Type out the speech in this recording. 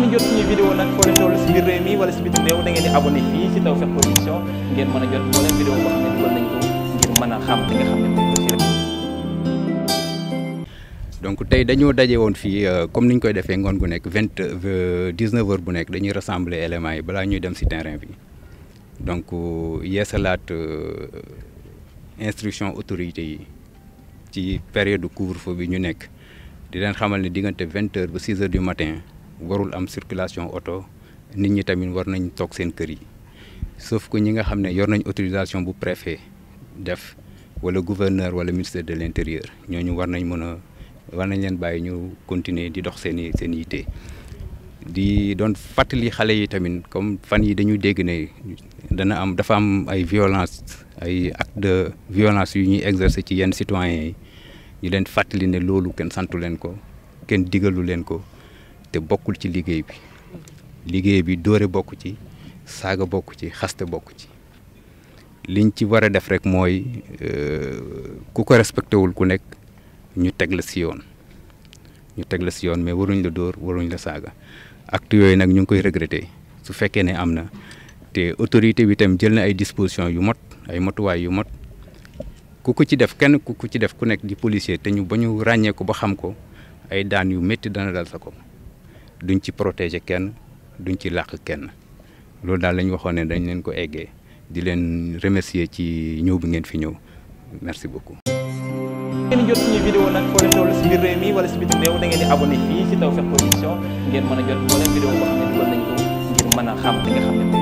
ngeen a jot donc tey dañoo daje woon fii euh, comme niñ koy defee ngoon gu nekk vingt euh, dix neuf bu nekk dañuy rassembler éléments yi balaa ñuy dem si terrain bi donc euh, yeesalaat instruction autorités yi ci période couvre-feu bi ñu nekk di leen xamal ne diggante vingt heures ba six du matin. warul am circulation oto nit ñi tamit war nañ toog seen kër yi sauf ko ñi nga xam ne yor nañ autorisation bu préfet def wala gouverneur wala ministre de l'intérieur ñu war nañ mën a war nañ leen bàyyi ñu continuer di dox seen i seen yitte di doon fàttali xale yi tamit comme fan yi dañuy dégg ne dana am dafa am ay violence ay acte de violence yu ñuy exercer ci yenn citoyens yi ñu leen fàttali ne loolu kenn santu leen ko kenn digalu leen ko te bokkul ci liggéey bi liggéey bi dóore bokk ci saaga bokk ci xaste bokk ci liñ ci war a def rek mooy euh, ku ko respecté wul ku nekk ñu teg la si yoon ñu teg si yoon mais waruñ la dóor waruñ la saaga acte yooyu nag ñu ngi koy regretté su fekkee ne am na te autorité bi tam jël na ay dispositions yu mot ay motuwaay yu mot ku ko ci def kenn ku ko ci def ku nekk di policier te ñu ba ñu ràññee ko ba xam ko ay daan yu métti dana dal sa ko duñ ci protéger kenn duñ ci làq kenn loolu daal la ñu waxoon ne dañ leen ko eggee di leen remercier ci ñëw bi ngeen fi ñëw merci beaucoup. ngeen jot suñu vidéo nag foo leen si biir réew wala si bitim réew da ngeen di abonné fii si Tawfekh Production ngeen mën a a xam li nga xam